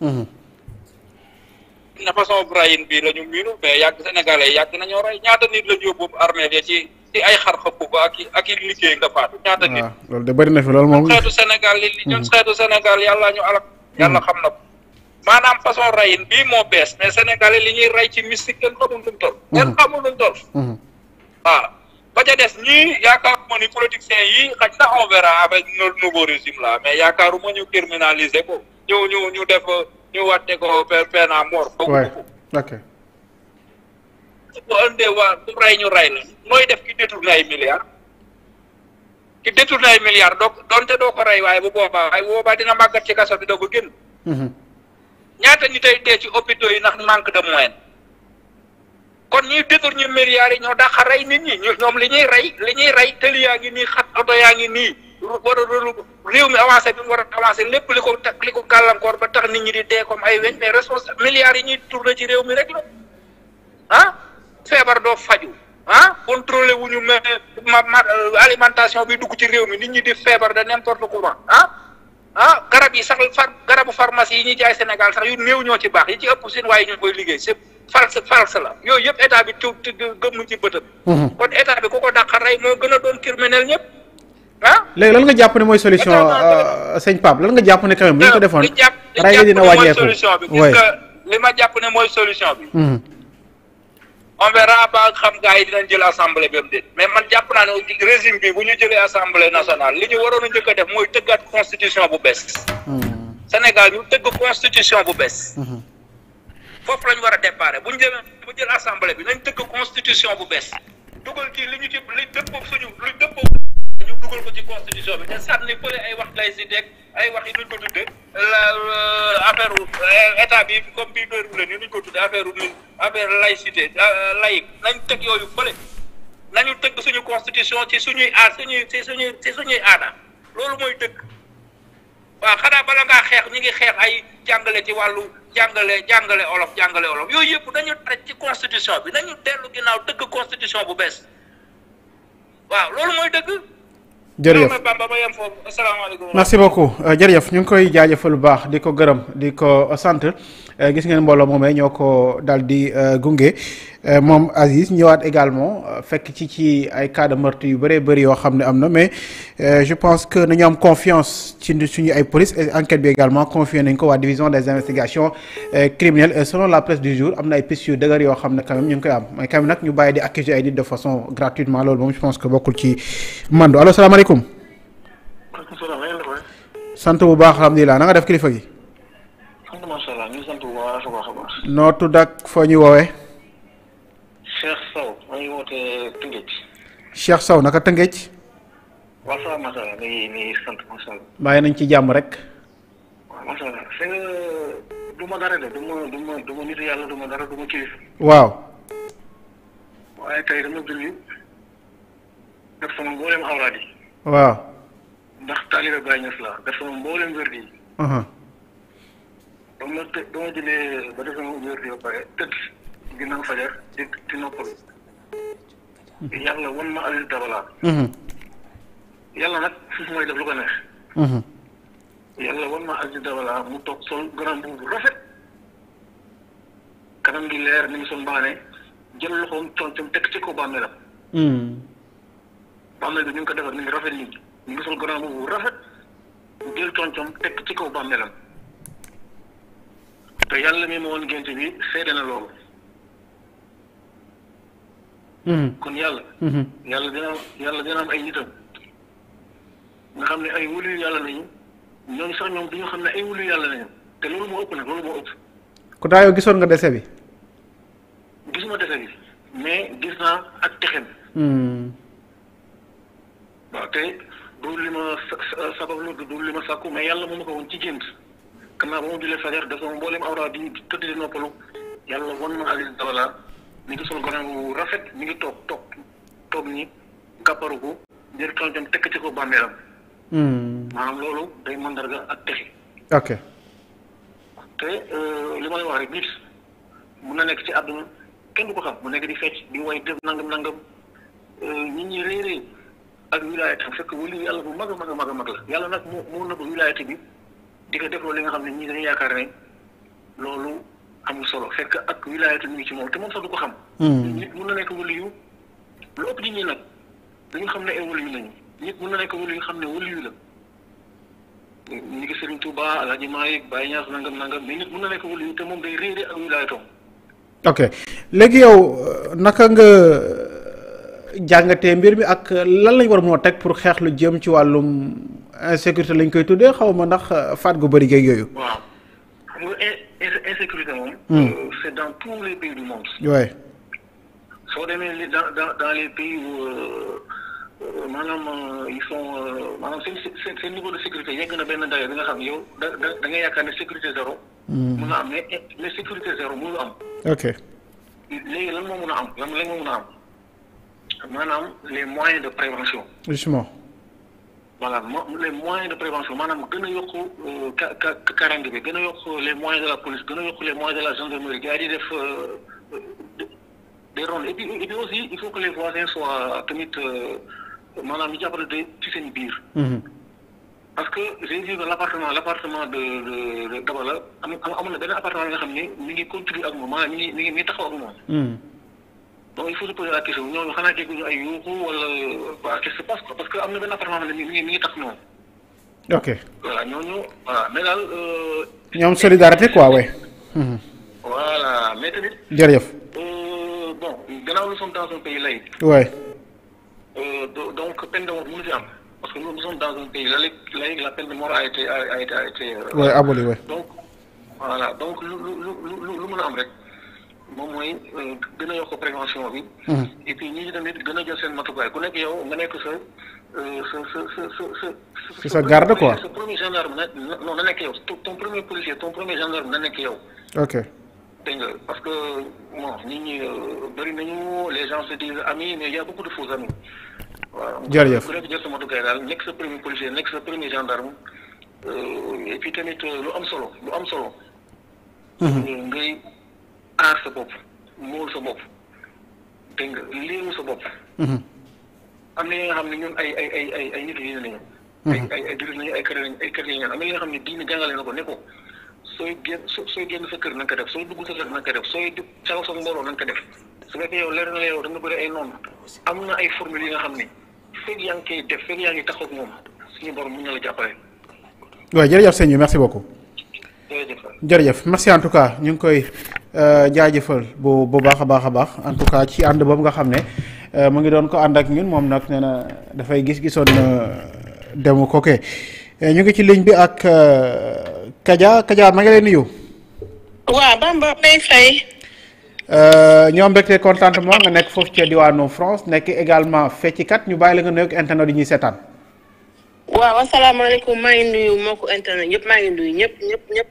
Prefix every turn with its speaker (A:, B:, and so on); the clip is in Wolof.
A: na
B: façon Brahim bi la ñu miinu mais yàgg sénégalais yàgg nañoo rey ñaata nit la ñu yóbbu armée ci ay xar xëpp ak ak i liggéey nga faatu ñaata nit. waaw
C: loolu de bëri na fi loolu moom. xeetu
B: Sénégal li mm-hmm. mm-hmm. xam na ko. façon reyin bii moo bees mais sénégalais li ñuy rey ci mystique kenn xamul luñ toll. Mm-hmm. kenn xamul luñ toll. waaw ba ca des ñii yaakaaruma ni politiciens yi xaj na on verra avec le nouveau régime là mais yaakaaruma ñu criminaliser ko. ñu ñu ñu def ñu wàtte ko peine à mort ok su ko andee waa su rey ñu rey la nooy def ki détourné ay milliards ki détourné ay milliards donc doonte doo ko rey waaye bu boobaa waaye bu boobaa dina màggat ci kaso bi doo ko génn mm-hmm. ñaata ñu tey dee ci hôpitaux yi ndax manque de moyens kon ñuy détourné milliards yi ñoo dàq rey nit ñi ñoom li ñuy rey li ñuy rey tëli yaa ngi nii xat oto yaa ngi nii war a réew mi avancé bi mu war avancé lépp li ko li ko gàllankoor ba tax nit ñi di dee comme ay weñ mais responsable milliards yi ñuy tourné ci réew mi rek la ah feebar doo faju ah contrôlé wu ñu ma ma euh, alimentation bi dugg ci réew mi nit ñi di feebar de n'importe comment ah ah garab yi sax far garabu pharmacie yi ñuy jaay Sénégal sax yu néew ñoo ci baax yi ci ëpp seen waaye ñoo koy liggéey c'est false false la yooyu yëpp état bi tu
C: gëmmu ci bëtëm mhm. kon état bi ku ko dàqa
B: rey moo gën doon criminel ñëpp
C: ah léegi lan nga jàpp ne mooy solution euh, sëñ Pape lan nga jàpp ne quand bu ñu ko defoon ray nga dina wàññeeku solution bi gis nga
A: li ma jàpp ne mooy solution bi mhm.
B: on verra ba xam gars yi dinañ jël assemblée bi mais man jàpp naa ne régime bi bu ñu jëlee assemblée nationale li ñu waroon a njëkk a def mooy tëggaat constitution bu bees mhm. Sénégal ñu tëgg constitution bu bees mhm. foofu la ñu war a bu ñu jëlee bu jël bi nañ tëgg constitution bu bees dugal ci li ñu dugal ko ci constitution bi te sànni fële ay wax laïcité ak ay wax yi nuñ ko tudde la euh, affaire euh, état bi comme bi réeru la ni nuñ ko tudde affaire affaire laïcité euh, laïque nañ teg yooyu fële nañu tëgg suñu constitution ci suñuy aar suñuy ci suñuy ci suñuy aada loolu mooy dëgg waaw xanaa bala ngaa xeex ñi ngi xeex ay jàngale ci wàllu jàngale jàngale olof jàngale olof yooyu yëpp nañu teg ci constitution bi nañu dellu ginnaaw tëgg constitution bu bees
C: waaw loolu mooy dëgg jërëjëf merci beaucoup euh, jërëjëf ñu ngi koy jaajëfal bu baax di ko gërëm di ko sant Eh, gis ngeen mbooloo moom moomee ñoo ko daal di eh, gunge eh, moom Aziz ñëwaat également fekk ci ci ay cas de meurtre yu bëree bëri yoo xam ne am na mais je pense que nañu am confiance ci suñu ay police et enquête bi également confié nañ ko waa division des investigations criminelles selon la presse du jour am na ay pistes yu dëgër yoo xam ne quand même ñu ngi koy am mais quand nag ñu bàyyi di accuser ay nit de façon gratuitement loolu moom je pense que bokkul ci mando allo salaamaaleykum bu baax alhamdulilah na nga def kilifa gi nootu tudd ak foo ñu woowee.
A: Cheikh Sow maa ñuy woote Tëngéej.
C: Cheikh Sow naka Tëngéej.
A: waaw ça va macha allah day day sant macha allah.
C: bàyyi nañ ci jàmm rek.
A: waaw macha allah du ma dara de du ma du nit yàlla du ma dara du ma kilifa. waaw. waaye tey dama julli def sama mboolem awraad yi. waaw. ndax taalibe Baay Ñas la def sama mboolem wérdi yi.
C: Uh-huh. ma të ba ma jëlee ba def
A: sama wér ba pare tëdd ginnaaw fajar di di noppalu. yàlla wan ma Aziz mhm. yàlla nag suuf mooy def lu neex. Mhm. yàlla wan ma Aziz mu toog sol grand bu rafet. kanam gi leer ni mu sol mbaane jël loxoom coom teg ci ko bàmmeelam. bàmmeel bi ñu ngi ko defar ni ngi rafet nii ñu ngi sol grand bu rafet jël coom teg ci kaw bàmmeelam. Mhm. te yàlla mi ma woon gént bi seede na loolu. Mm-hmm. kon yàlla. Mm-hmm. yàlla dina yàlla dina am ay nitam. nga xam ne ay wulu yàlla lañu ñooñu sax ñoom duñu xam ne ay wulu yàlla lañu te loolu moo ëpp nag loolu moo ëpp.
C: ko daayoo gisoon nga dese bi.
A: gisuma dese bi mais gis naa ak texem. Mm-hmm. waaw te du li ma sa sabablu du li ma sàkku mais yàlla mu ma woon ci gént. gannaaw ba mu jullee fajar dafa ma mboolem awra di tëdd di noppalu yàlla wan ma Aziz Dabala mi ngi sol gone bu rafet mi ngi toog toog toog ni kàpparu ko jël kalpem tekk ci ko bàmmeelam
C: hmm. maanaam loolu day mandarga ak texi ok te
A: euh, li may wax rek nit mun na nekk ci àdduna kenn du ko xam mu nekk di fecc di way def nangam nangam euh, nit ñi réeree ak wilaaya tam fekk wali yàlla bu mag a mag a mag mag la yàlla nag moo moo nëbb wilaayati bi di ko defloo li nga xam ne ñii dañuy yaakaar ne loolu amul solo fekk ak wilaayatu mu ngi ci moom te moom sax du ko xam. Hmm. mun na nekk waliyu lu ëpp di ñi nag dañu xam ne ay waliyu lañu nit mun na nekk waliyu xam ne waliyu la. ñu ngi Serigne Touba El Hadj Malick
C: Baye Niass nangam nangam mais nit mun na nekk waliyu te moom day réere ak wilaayatoom. ok léegi yow euh, naka nga euh, jàngatee mbir mi ak lan lañ war a a teg pour xeex lu jëm ci wàllum. Euh, insécurité lañ koy tuddee xawma ndax euh, faat gu bëri geeg yooyu.
A: waaw xam nga insécurité moom. Hmm. Euh, c'est dans tous les pays du monde.
C: oui. soo demee dans dans dans les pays
A: maanaam ils sont maanaam seen seen seen niveau de sécurité yegg na benn dayoo danga xam yow da da da nga yaakaar ne sécurité zéro. Hmm. mun na am mais eh, mais sécurité zéro mënul am. ok léegi lan moo mun a am lan moo mun a am maanaam les moyens de prévention. justement. voilà les moyens de prévention maanaam gën a yokk euh, ka karange bi gën a yokku les moyens de la police gën a yokku les moyens de la gendarmerie gars yi di def euh, euh, des rondes et aussi il faut que les voisins soient tamit maanaam ñu jàppale de ci seen biir. Mm-hmm. parce que j'ai vu l' appartement l' appartement de de de Dabala am am na benn appartement nga xam ne mi ngi contribuer ak moom maanaam mi ngi mi ngi taxaw ak moom. Mm-hmm. donc il faut se poser la question ñooñu xanaa dégguñu ay yuuxu wala
C: parce que am na benn appartement ne mi ngi mi ngi tax noonu. ok voilà ñooñu voilà mais daal. Euh, ñoom solidarité quoi ouais. Mhm. voilà mais tamit. jërëjëf. Euh, bon gannaaw nous sommes dans pays laïque. ouais. Euh, donc peine de mort mënu fi am parce que nous nous sommes pays laïque laïque la peine de mort a été a été a été. ouais abolie ouais. donc voilà donc lu lu lu lu mën
A: a am rek. moom mooy euh, gën a yokk prévention bi. Mm-hmm. et puis ñi tamit gën a jël seen matukaay ku nekk yow nga nekk
C: sa euh, sa sa sa sa sa. sa garde quoi sa premier gendarme na non na nekk
A: yow ton premier policier ton premier gendarme na nekk yow.
C: ok dégg nga parce que bon nit ñi
A: euh, bëri nañu les gens se disent amis mais y a beaucoup de faux amis. jërëjëf waaw ku nekk jël sa matukaay daal nekk sa premier policier nekk sa premier gendarme et tamit lu am solo lu am solo. Mm-hmm. ngay. aar sa bopp mool sa bopp dégg nga léemu sa bopp. Mhm. am na nga xam ne ñun ay ay ay ay ay yi ñu nañu. ay ay ay ay kër lañu ay kër nga xam ne diine jàngale na ko ne ko sooy génn sooy sa kër na ko def sooy dugg sa kër na nga ko def ko def su yow leer na la ay noonu am na ay formule yi nga xam ne feeg yaa ngi
C: koy def feeg yaa ngi taxaw moom suñu borom mën ñëw la jàppale. waaw jërëjëf sëñ bi merci beaucoup. jërëjëf merci en tout cas ñu ngi koy Euh, jaajëfal bu bu baax a baax a baax en tout cas ci ànd boobu nga xam ne euh, mu ngi doon ko ànd ak ñun moom nag nee na dafay gis-gisoon euh, demu koke ñu ngi ci ligne bi ak Kaja kajaa ma ngi lay nuyu.
B: waaw Bamba lay fay.
C: ñoom mbégte contentement nga nekk foofu ci diwaanu France nekk également feccikat ñu bàyyi la nga nekk internet yi ñuy seetaan. waaw asalaamaaleykum maa ngi nuyu mbokku internet ñëpp maa ngi nuyu ñëpp ñëpp